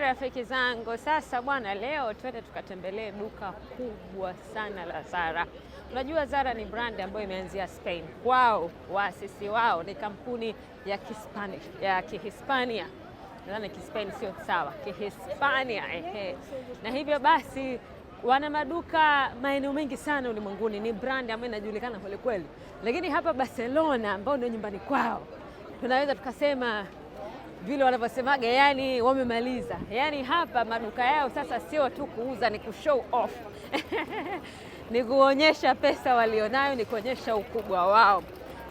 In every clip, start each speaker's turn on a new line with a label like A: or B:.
A: rafiki zangu, sasa bwana, leo twende tukatembelee duka kubwa sana la Zara. Unajua Zara ni brand ambayo imeanzia Spain. Wao waasisi wao ni kampuni ya Kispanish, ya Kihispania nadhani Kispain sio sawa, Kihispania ehe. Na hivyo basi wana maduka maeneo mengi sana ulimwenguni, ni brand ambayo inajulikana kwelikweli, lakini hapa Barcelona ambao ndio nyumbani kwao tunaweza tukasema vile wanavyosemaga, yani wamemaliza. Yani hapa maduka yao sasa sio tu kuuza, ni kushow off ni kuonyesha pesa walionayo, ni kuonyesha ukubwa wao.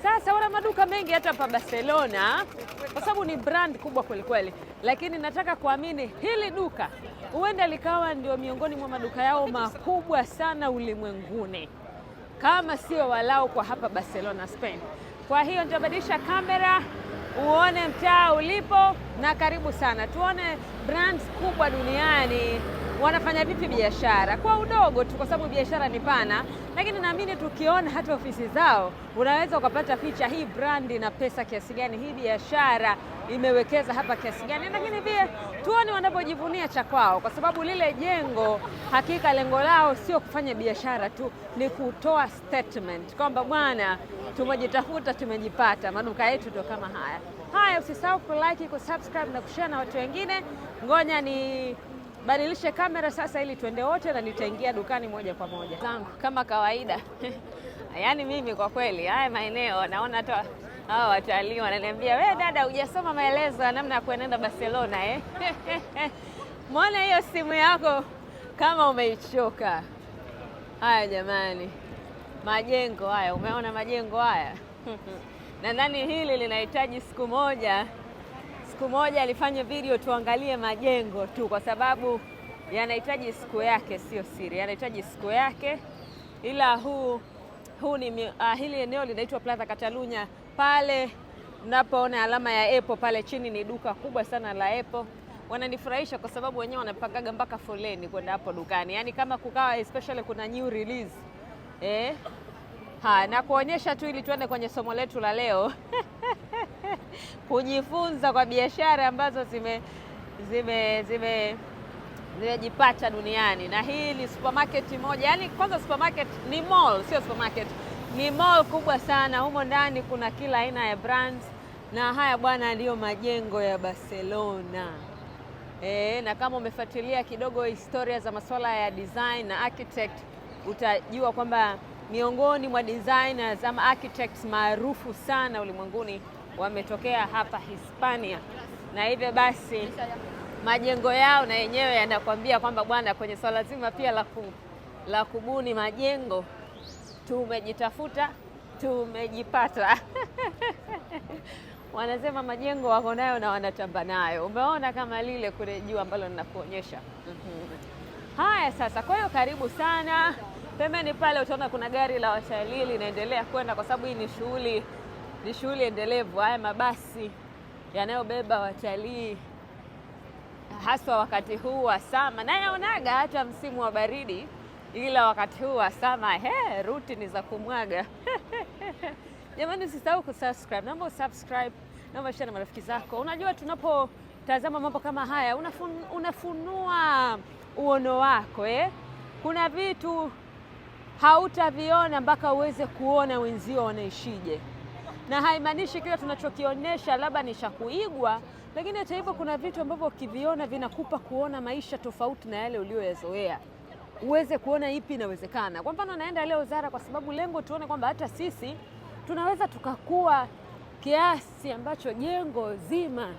A: Sasa wana maduka mengi hata pa Barcelona, kwa sababu ni brand kubwa kwelikweli, lakini nataka kuamini hili duka huenda likawa ndio miongoni mwa maduka yao makubwa sana ulimwenguni, kama sio walau kwa hapa Barcelona, Spain. Kwa hiyo nitabadilisha kamera uone mtaa ulipo, na karibu sana tuone brands kubwa duniani wanafanya vipi biashara kwa udogo tu, kwa sababu biashara ni pana, lakini naamini tukiona hata ofisi zao unaweza ukapata picha hii brandi na pesa kiasi gani, hii biashara imewekeza hapa kiasi gani, lakini pia tuone wanapojivunia cha kwao, kwa sababu lile jengo hakika lengo lao sio kufanya biashara tu, ni kutoa statement kwamba bwana, tumejitafuta, tumejipata, maduka yetu ndio kama haya haya. Usisahau kulike, kusubscribe na kushare na watu wengine. Ngoja ni badilishe kamera sasa ili tuende wote, na nitaingia dukani moja kwa moja
B: zangu kama kawaida. Yaani mimi kwa kweli haya maeneo naona hata hawa watalii wananiambia, we dada, hujasoma maelezo ya namna ya kuenenda Barcelona eh? Mwona hiyo simu yako kama umeichoka. Haya jamani, majengo haya, umeona majengo haya? Nadhani hili linahitaji siku moja siku moja alifanya video tuangalie majengo tu, kwa sababu yanahitaji siku yake, sio siri, yanahitaji siku yake. Ila huu, huu ni uh, hili eneo linaitwa Plaza Catalunya. Pale mnapoona alama ya Apple pale chini ni duka kubwa sana la Apple. Wananifurahisha kwa sababu wenyewe wanapangaga mpaka foleni kwenda hapo dukani, yaani kama kukawa especially kuna new release eh? Ha, na kuonyesha tu ili tuende kwenye somo letu la leo kujifunza kwa biashara ambazo zime zime zime zimejipacha duniani, na hii ni supermarket moja. Yani kwanza supermarket ni mall, sio supermarket, ni mall kubwa sana. Humo ndani kuna kila aina ya brands, na haya bwana ndiyo majengo ya Barcelona. E, na kama umefuatilia kidogo historia za masuala ya design na architect utajua kwamba miongoni mwa designers ama architects maarufu sana ulimwenguni wametokea hapa Hispania, na hivyo basi majengo yao na yenyewe yanakwambia kwamba bwana, kwenye swala zima pia la ku, la kubuni majengo tumejitafuta, tumejipata wanasema majengo wako nayo na wanatamba nayo. Umeona kama lile kule juu ambalo ninakuonyesha. Haya, sasa, kwa hiyo karibu sana. Pembeni pale utaona kuna gari la watalii linaendelea kwenda, kwa sababu hii ni shughuli ni shughuli endelevu. Haya mabasi yanayobeba watalii haswa wakati huu wa sama, nayaonaga hata msimu wa baridi, ila wakati huu wa sama he, ruti ni za kumwaga Jamani, usisahau kusubscribe, naomba usubscribe, naomba share na marafiki zako. Unajua, tunapotazama mambo kama haya unafun, unafunua uono wako eh? Kuna vitu hautaviona mpaka uweze kuona wenzio wanaishije na haimaanishi kile tunachokionyesha labda ni cha kuigwa, lakini hata hivyo kuna vitu ambavyo ukiviona vinakupa kuona maisha tofauti na yale uliyoyazoea, uweze kuona ipi inawezekana. Kwa mfano, naenda leo Zara kwa sababu lengo tuone kwamba hata sisi tunaweza tukakuwa kiasi ambacho jengo zima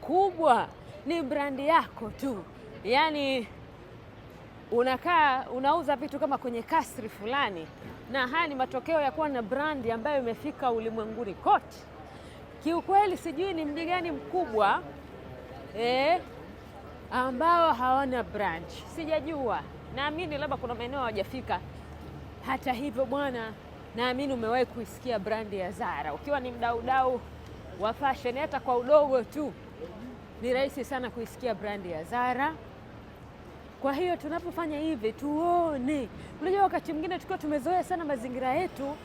B: kubwa ni brandi yako tu, yaani unakaa unauza vitu kama kwenye kasri fulani, na haya ni matokeo ya kuwa na brandi ambayo imefika ulimwenguni kote. Kiukweli sijui ni mji gani mkubwa eh, ambao hawana brand, sijajua. Naamini labda kuna maeneo hawajafika. Hata hivyo bwana, naamini umewahi kuisikia brandi ya Zara. Ukiwa ni mdaudau wa fashion, hata kwa udogo tu, ni rahisi sana kuisikia brandi ya Zara. Kwa hiyo tunapofanya hivi tuone. Unajua, wakati mwingine tukiwa tumezoea sana mazingira yetu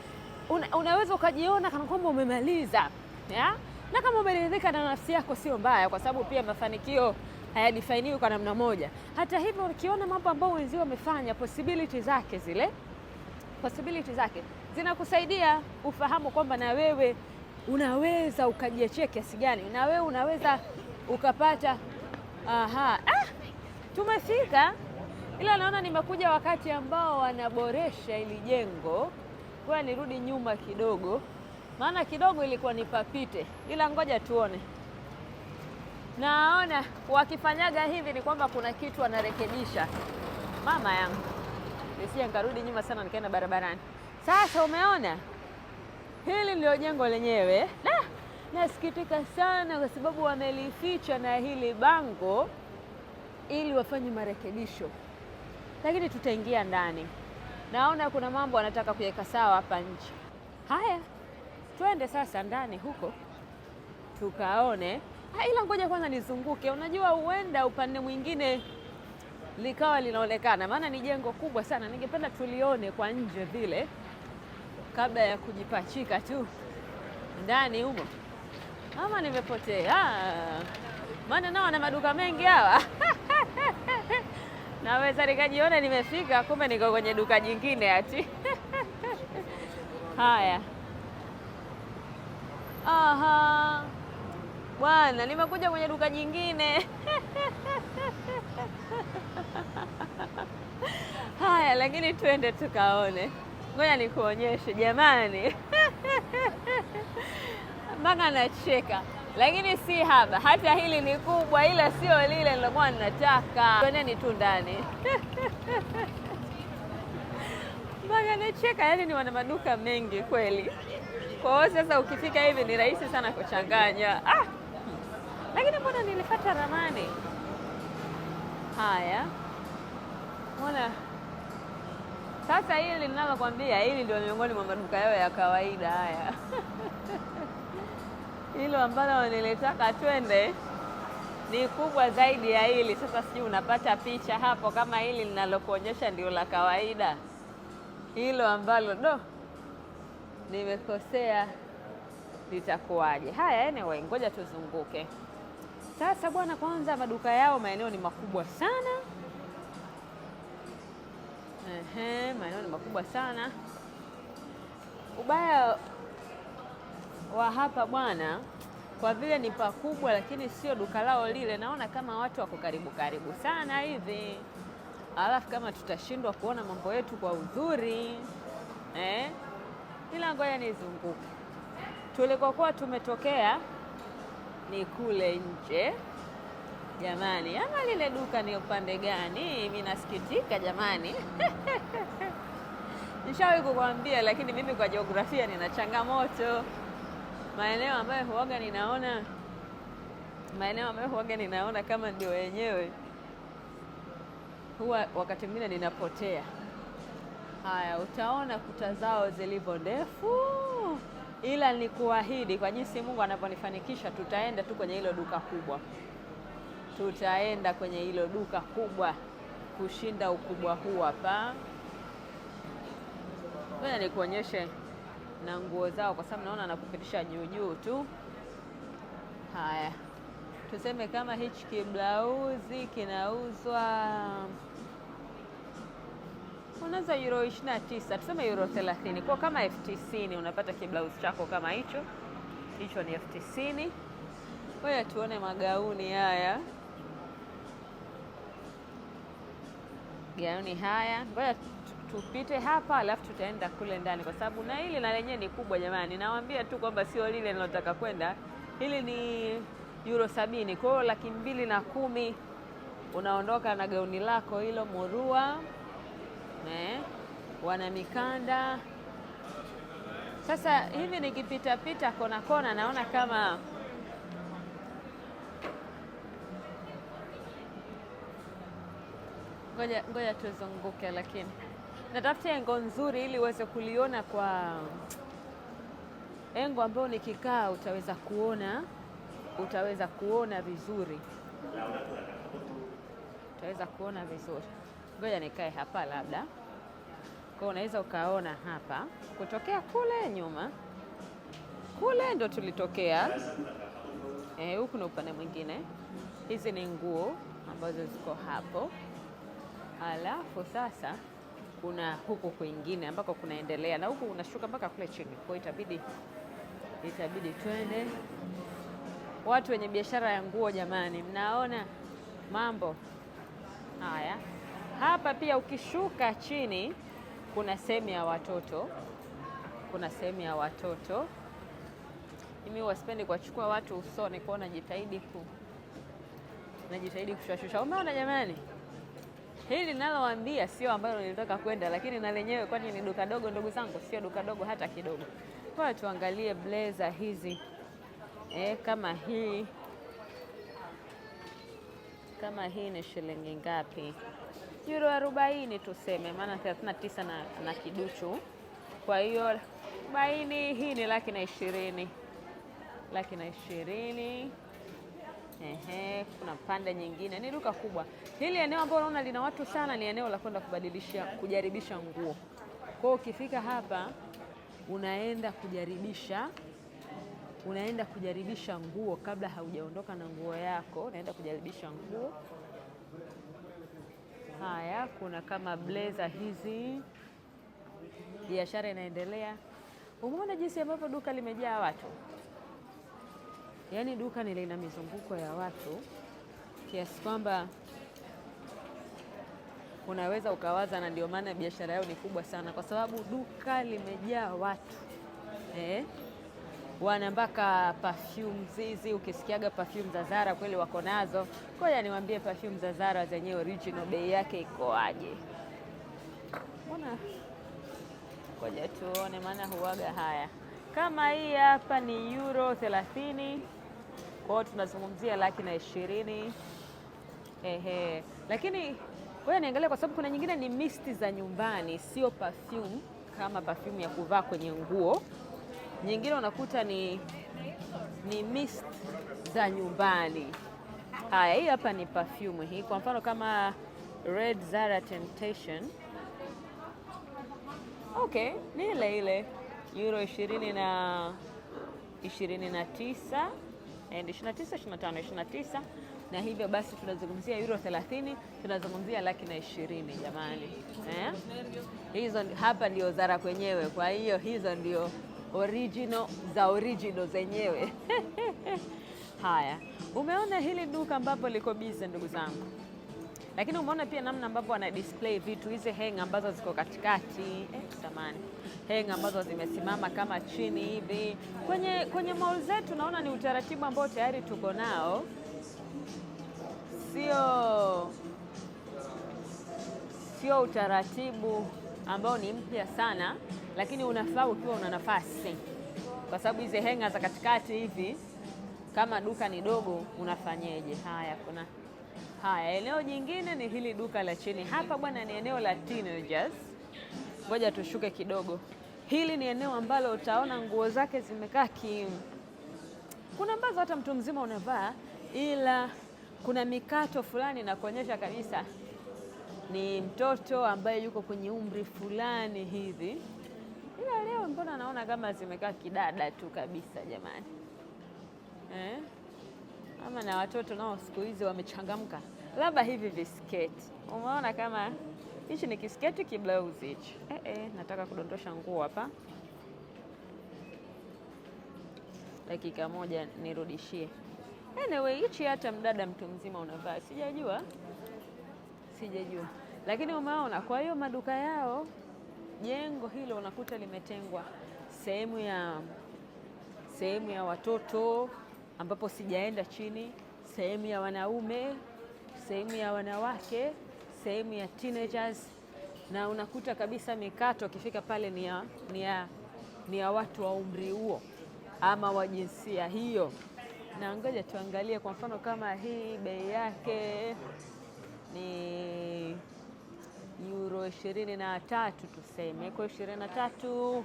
B: una, unaweza ukajiona kana kwamba umemaliza ya? na kama umeridhika na nafsi yako sio mbaya, kwa sababu pia mafanikio hayadifainiwi kwa namna moja. Hata hivyo, ukiona mambo ambayo wenzio wamefanya, possibility zake zile possibility zake zinakusaidia ufahamu kwamba na wewe unaweza ukajiachia kiasi gani, na wewe unaweza ukapata aha ah! Tumefika, ila naona nimekuja wakati ambao wanaboresha ili jengo, kwa nirudi nyuma kidogo, maana kidogo ilikuwa nipapite, ila ngoja tuone. Naona wakifanyaga hivi ni kwamba kuna kitu wanarekebisha. Mama yangu nisije nkarudi nyuma sana nikaenda barabarani. Sasa umeona hili ndio jengo lenyewe. Nasikitika sana kwa sababu wamelificha na hili bango ili wafanye marekebisho, lakini tutaingia ndani. Naona kuna mambo wanataka kuweka sawa hapa nje. Haya, twende sasa ndani huko tukaone. Ha, ah, ila ngoja kwanza nizunguke, unajua huenda upande mwingine likawa linaonekana, maana ni jengo kubwa sana. Ningependa tulione kwa nje vile kabla ya kujipachika tu ndani humo. Mama, nimepotea ah, maana nao na maduka mengi hawa naweza nikajiona nimefika, kumbe niko kwenye duka jingine ati haya. Aha, bwana, nimekuja kwenye duka jingine haya, lakini twende tukaone. Ngoja nikuonyeshe jamani, mpaka nacheka lakini si haba. Hata hili ni kubwa, ila sio lile nilokuwa ninataka. Oneni tu ndani mpaka nacheka, yani ni wana maduka mengi kweli. Kwa hiyo sasa ukifika hivi ni rahisi sana kuchanganya. Ah! Lakini mbona nilipata ramani? Haya, mbona sasa hili ninalokwambia hili ndio miongoni mwa maduka yao ya kawaida haya hilo ambalo nilitaka twende ni kubwa zaidi ya hili. Sasa sijui unapata picha hapo, kama hili ninalokuonyesha ndio la kawaida, hilo ambalo do no, nimekosea litakuwaje? Haya, anyway, ngoja tuzunguke sasa bwana. Kwanza maduka yao maeneo ni makubwa sana. Ehe, maeneo ni makubwa sana. Ubaya wa hapa bwana, kwa vile ni pakubwa, lakini sio duka lao lile. Naona kama watu wako karibu karibu sana hivi, alafu kama tutashindwa kuona mambo yetu kwa uzuri eh? Ila ngoja nizunguke, tulikokuwa tumetokea ni kule nje jamani. Ama lile duka ni upande gani? Mimi nasikitika jamani. Nishawahi kukwambia, lakini mimi kwa jiografia nina changamoto maeneo ambayo huaga ninaona maeneo ambayo huaga ninaona kama ndio yenyewe, huwa wakati mwingine ninapotea. Haya, utaona kuta zao zilivyo ndefu, ila ni kuahidi kwa jinsi Mungu anavyonifanikisha, tutaenda tu kwenye hilo duka kubwa, tutaenda kwenye hilo duka kubwa kushinda ukubwa huu hapa. Ngoja nikuonyeshe na nguo zao, kwa sababu naona anakupitisha juu juu tu. Haya, tuseme kama hichi kiblauzi kinauzwa unaweza euro 29 tuseme euro 30 kwa kama elfu tisini unapata kiblauzi chako kama hicho hicho, ni elfu tisini Wewe tuone magauni haya gauni haya, ngoja tupite hapa alafu tutaenda kule ndani, kwa sababu na hili na lenyewe ni kubwa jamani. Nawaambia tu kwamba sio lile ninalotaka kwenda, hili ni euro sabini, kwa hiyo laki mbili na kumi unaondoka na gauni lako hilo murua eh, wana mikanda sasa hivi nikipitapita kona kona, naona kama ngoja ngoja tuzunguke, lakini natafuta engo nzuri ili uweze kuliona kwa engo ambayo nikikaa utaweza kuona, utaweza kuona vizuri, utaweza kuona vizuri. Ngoja nikae hapa, labda kwa unaweza ukaona hapa kutokea kule nyuma kule ndo tulitokea e, huku. E, na upande mwingine. Hizi ni nguo ambazo ziko hapo, alafu sasa kuna huku kwingine ambako kunaendelea, na huku unashuka mpaka kule chini, kwa itabidi itabidi twende. Watu wenye biashara ya nguo jamani, mnaona mambo haya hapa. Pia ukishuka chini, kuna sehemu ya watoto, kuna sehemu ya watoto. Mimi wasipendi kuwachukua watu usoni kwao, najitahidi ku najitahidi kushusha. Umeona jamani? Hili ninalowaambia sio ambalo nilitoka kwenda, lakini na lenyewe, kwani ni duka dogo, ndugu zangu, sio duka dogo hata kidogo. Kwa tuangalie blazer hizi e, kama hii kama hii ni shilingi ngapi? Euro arobaini tuseme, maana 39 na, na kiduchu. Kwa hiyo arobaini, hii ni laki na ishirini, laki na ishirini. Ehe pande nyingine, ni duka kubwa hili. Eneo ambalo unaona lina watu sana ni eneo la kwenda kubadilisha, kujaribisha nguo. Kwa hiyo ukifika hapa unaenda kujaribisha unaenda kujaribisha nguo kabla haujaondoka na nguo yako, unaenda kujaribisha nguo. Haya, kuna kama blazer hizi, biashara inaendelea. Umeona jinsi ambavyo duka limejaa watu, yaani duka ni lina mizunguko ya watu kiasi kwamba unaweza ukawaza, na ndio maana biashara yao ni kubwa sana, kwa sababu duka limejaa watu eh? Wana mpaka perfume zizi, ukisikiaga perfume za Zara kweli wako nazo. Ngoja niwaambie perfume za Zara zenye original bei yake ikoaje? Mbona ngoja tuone, maana huaga haya kama hii hapa ni euro 30 kwao, tunazungumzia laki na ishirini. Ehe. Lakini wewe niangalia, kwa sababu kuna nyingine ni mist za nyumbani, sio perfume kama perfume ya kuvaa kwenye nguo. Nyingine unakuta ni, ni mist za nyumbani. Haya, hii hapa ni perfume hii, kwa mfano kama Red Zara Temptation. Okay, ni ile ile euro 20 na 29 and 29 25 29 na hivyo basi tunazungumzia euro 30 tunazungumzia laki na ishirini jamani, eh? Hizo hapa ndio zara kwenyewe. Kwa hiyo hizo ndio original za original zenyewe. Haya, umeona hili duka ambapo liko busy ndugu zangu, lakini umeona pia namna ambavyo wana display vitu hizi hang ambazo ziko katikati eh, samani hang ambazo zimesimama kama chini hivi kwenye, kwenye mall zetu. Naona ni utaratibu ambao tayari tuko nao sio sio utaratibu ambao ni mpya sana, lakini unafaa ukiwa una nafasi, kwa sababu hizi henga za katikati hivi, kama duka ni dogo unafanyeje? Haya, kuna haya. Eneo jingine ni hili duka la chini hapa bwana, ni eneo la teenagers. Ngoja tushuke kidogo. Hili ni eneo ambalo utaona nguo zake zimekaa kiimu, kuna ambazo hata mtu mzima unavaa ila kuna mikato fulani na kuonyesha kabisa ni mtoto ambaye yuko kwenye umri fulani hivi, ila leo mbona naona kama zimekaa kidada tu kabisa jamani eh? Ama na watoto nao siku hizi wamechangamka, labda hivi visketi. Umeona kama hichi ni kisketi kiblauzi hichi eh, eh, nataka kudondosha nguo hapa, dakika moja nirudishie. Anyway, hichi hata mdada mtu mzima unavaa, sijajua sijajua, lakini umeona. Kwa hiyo maduka yao jengo hilo unakuta limetengwa sehemu ya sehemu ya watoto ambapo sijaenda chini, sehemu ya wanaume, sehemu ya wanawake, sehemu ya teenagers, na unakuta kabisa mikato akifika pale ni ya, ni ya, ni ya watu wa umri huo ama wa jinsia hiyo na ngoja tuangalie, kwa mfano kama hii bei yake ni euro ishirini na tatu tuseme, kwa ishirini na tatu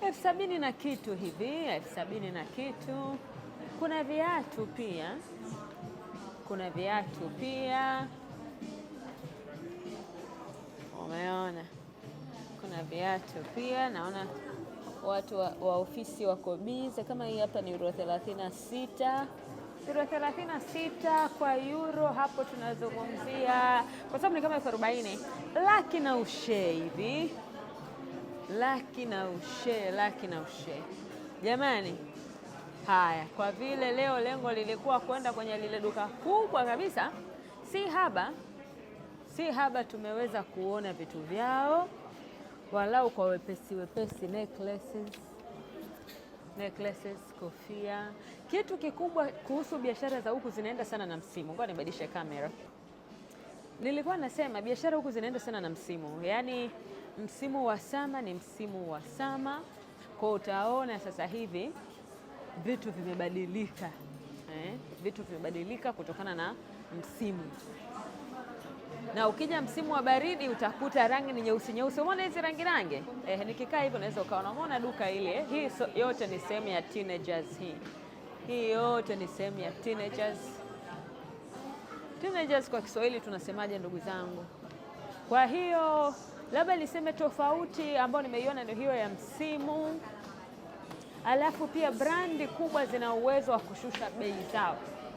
B: elfu sabini na kitu hivi, elfu sabini na kitu. Kuna viatu pia, kuna viatu pia, umeona, kuna viatu pia naona watu wa, wa ofisi wako bize. Kama hii hapa ni euro 36 euro 36 kwa euro hapo tunazungumzia, kwa sababu ni kama elfu arobaini laki na ushe hivi, laki na ushe, laki na ushe jamani. Haya, kwa vile leo lengo lilikuwa kwenda kwenye lile duka kubwa kabisa, si haba, si haba, tumeweza kuona vitu vyao walau kwa wepesi wepesi, necklaces, necklaces, kofia. Kitu kikubwa kuhusu biashara za huku zinaenda sana na msimu. Ngoja nibadilishe kamera. Nilikuwa nasema biashara huku zinaenda sana na msimu, yaani msimu wa sama ni msimu wa sama, kwa utaona sasa hivi vitu vimebadilika eh, vitu vimebadilika kutokana na msimu na ukija msimu wa baridi utakuta rangi ni nyeusi nyeusi. Umeona hizi rangi rangi? Eh, nikikaa hivyo naweza ukaona. Umeona duka ile, eh? hii so, yote ni sehemu ya teenagers hii. Hii yote ni sehemu ya teenagers. Teenagers kwa Kiswahili tunasemaje ndugu zangu? Kwa hiyo labda niseme tofauti ambayo nimeiona ndio hiyo ya msimu. Alafu pia brandi kubwa zina uwezo wa kushusha bei zao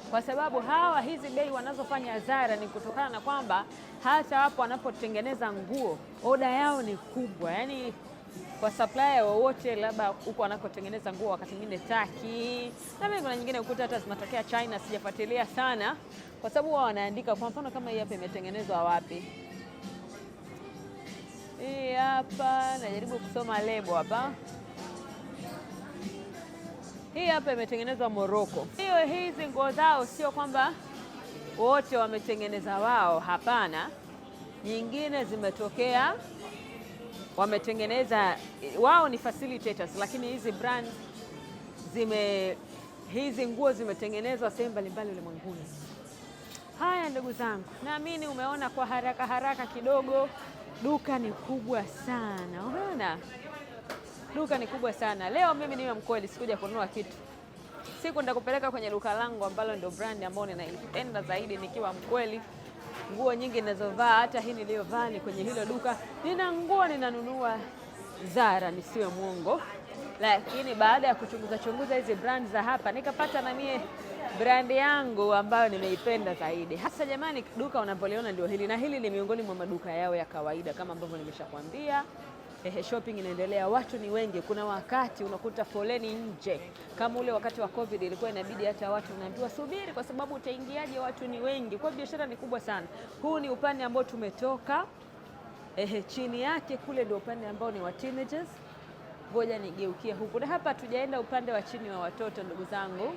B: kwa sababu hawa hizi bei wanazofanya zara ni kutokana na kwamba hata wapo wanapotengeneza nguo oda yao ni kubwa, yaani kwa supplier wowote labda huko wanakotengeneza nguo, wakati mwingine Taki na mimi, kuna nyingine ukuta hata zinatokea China. Sijafuatilia sana kwa sababu wao wanaandika, kwa mfano kama hii hapa imetengenezwa wapi? Hii hapa najaribu kusoma lebo hapa hii hapa imetengenezwa Moroko. Hiyo hizi nguo zao sio kwamba wote wametengeneza wao, hapana. Nyingine zimetokea wametengeneza wao, ni facilitators, lakini hizi brand zime hizi nguo zimetengenezwa sehemu mbalimbali ulimwenguni. Haya ndugu zangu, naamini umeona kwa haraka haraka kidogo, duka ni kubwa sana, umeona duka ni kubwa sana. Leo mimi niwe mkweli, sikuja kununua kitu. Siku nitakupeleka kwenye duka langu ambalo ndio brand ambayo ninaipenda zaidi, nikiwa mkweli. Nguo nyingi ninazovaa, hata hii niliyovaa ni kwenye hilo duka. Nina nguo ninanunua Zara, nisiwe mwongo, lakini baada ya kuchunguza chunguza hizi brand za hapa, nikapata na mie brand yangu ambayo nimeipenda zaidi. Hasa jamani, duka unapoliona ndio hili, na hili ni miongoni mwa maduka yao ya kawaida kama ambavyo nimeshakwambia ehe, shopping inaendelea, watu ni wengi. Kuna wakati unakuta foleni nje, kama ule wakati wa COVID ilikuwa inabidi hata watu unaambiwa subiri, kwa sababu utaingiaje? Watu ni wengi, kwa biashara ni kubwa sana. Huu ni upande ambao tumetoka, ehe, chini yake kule ndio upande ambao ni wa teenagers. Ngoja nigeukie huku, na hapa tujaenda upande wa chini wa watoto, ndugu zangu,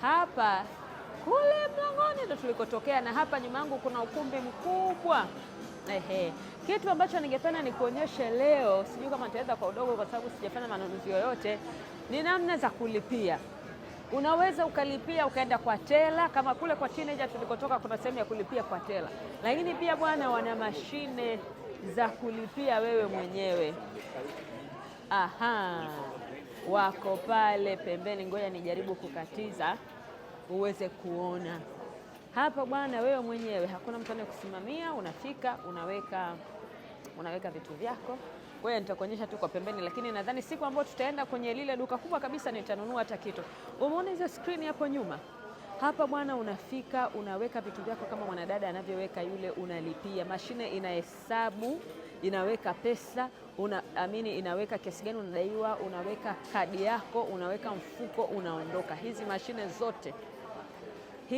B: hapa kule mlangoni ndo tulikotokea, na hapa nyuma yangu kuna ukumbi mkubwa Ehe. Kitu ambacho ningependa nikuonyeshe leo, sijui kama nitaweza kwa udogo, kwa sababu sijafanya manunuzi yoyote, ni namna za kulipia. Unaweza ukalipia ukaenda kwa tela, kama kule kwa teenager tulikotoka, kuna sehemu ya kulipia kwa tela, lakini pia bwana, wana mashine za kulipia wewe mwenyewe. Aha, wako pale pembeni, ngoja nijaribu kukatiza uweze kuona. Hapa bwana, wewe mwenyewe, hakuna mtu anayekusimamia. Unafika unaweka, unaweka vitu vyako wewe, nitakuonyesha tu kwa pembeni, lakini nadhani siku ambayo tutaenda kwenye lile duka kubwa kabisa nitanunua hata kitu. Umeona hizo skrini hapo nyuma? Hapa bwana, unafika unaweka vitu vyako kama mwanadada anavyoweka yule, unalipia, mashine inahesabu, inaweka pesa una, amini inaweka kiasi gani unadaiwa, unaweka kadi yako, unaweka mfuko, unaondoka. Hizi mashine zote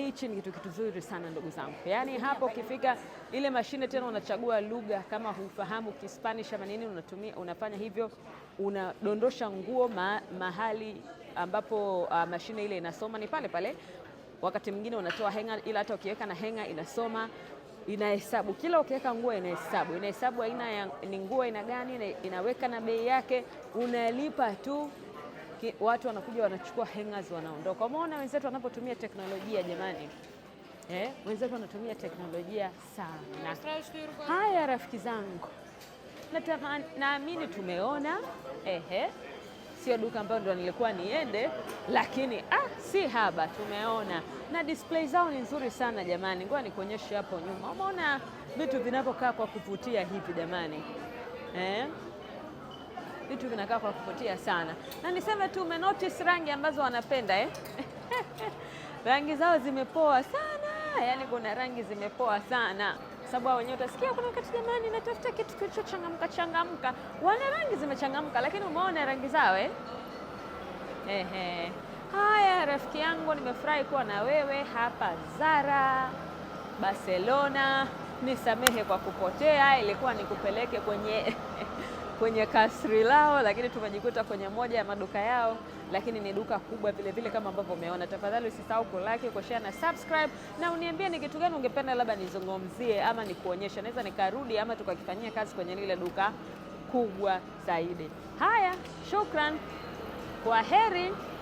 B: Hichi ni kitu kizuri sana ndugu zangu, yaani hapo ukifika ile mashine tena unachagua lugha, kama hufahamu Kispanish ama nini, unatumia unafanya hivyo, unadondosha nguo ma, mahali ambapo uh, mashine ile inasoma ni pale pale. Wakati mwingine unatoa henga, ila hata ukiweka na henga inasoma inahesabu kila ukiweka nguo inahesabu, inahesabu aina ya ni nguo aina gani, inaweka na bei yake, unalipa tu watu wanakuja wanachukua hangers wanaondoka. Umeona wenzetu wanapotumia teknolojia jamani, eh, wenzetu wanatumia teknolojia sana. Haya rafiki zangu, naamini tumeona ehe, sio duka ambayo ndo nilikuwa niende, lakini ah, si haba, tumeona na display zao ni nzuri sana jamani. Ngoja nikuonyeshe hapo nyuma, umeona vitu vinavyokaa kwa kuvutia hivi jamani eh? vitu vinakaa kwa kuvutia sana, na niseme tu notice rangi ambazo wanapenda eh? rangi zao zimepoa sana, yaani kuna rangi zimepoa sana sababu hao wenyewe utasikia kuna wakati jamani, natafuta kitu kilichochangamka changamka. Wana rangi zimechangamka, lakini umeona rangi zao eh? Ehe. Haya rafiki yangu, nimefurahi kuwa na wewe hapa Zara Barcelona. Nisamehe kwa kupotea, ilikuwa nikupeleke kwenye kwenye kasri lao, lakini tumejikuta kwenye moja ya maduka yao, lakini ni duka kubwa vile vile kama ambavyo umeona. Tafadhali usisahau ku share na subscribe, na uniambie ni kitu gani ungependa labda nizungumzie ama nikuonyesha, naweza nikarudi ama tukakifanyia kazi kwenye lile duka kubwa zaidi. Haya, shukran, kwa heri.